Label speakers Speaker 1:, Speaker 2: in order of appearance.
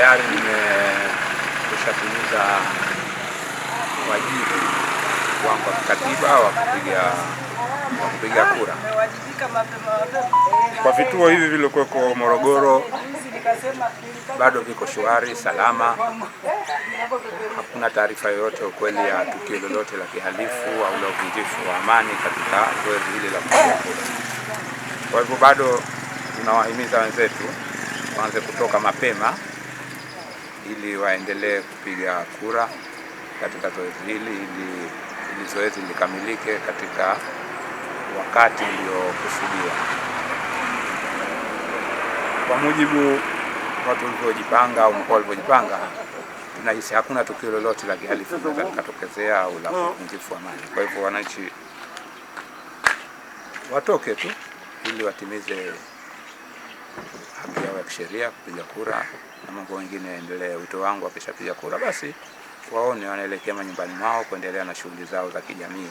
Speaker 1: tayari nimeshatimiza wajibu wangu wa kikatiba wa kupiga wa kupiga kura kwa vituo hivi vilikuweko Morogoro bado viko shwari salama, hakuna taarifa yoyote ukweli ya tukio lolote la kihalifu au la uvunjifu wa amani katika zoezi hili la kupiga kura. Kwa hivyo bado tunawahimiza wenzetu waanze kutoka mapema ili waendelee kupiga kura katika zoezi hili ili, ili zoezi likamilike katika wakati uliokusudiwa kwa mujibu watu walivyojipanga au mkoa walivyojipanga. Tunahisi hakuna tukio lolote la kihalifu likatokezea au la kuvunjifu amani. Kwa hivyo wananchi watoke tu ili watimize haki yao ya kisheria kupiga kura, na mambo mengine yaendelee. Wito wangu wakishapiga kura, basi waone wanaelekea manyumbani mwao kuendelea na shughuli zao za kijamii.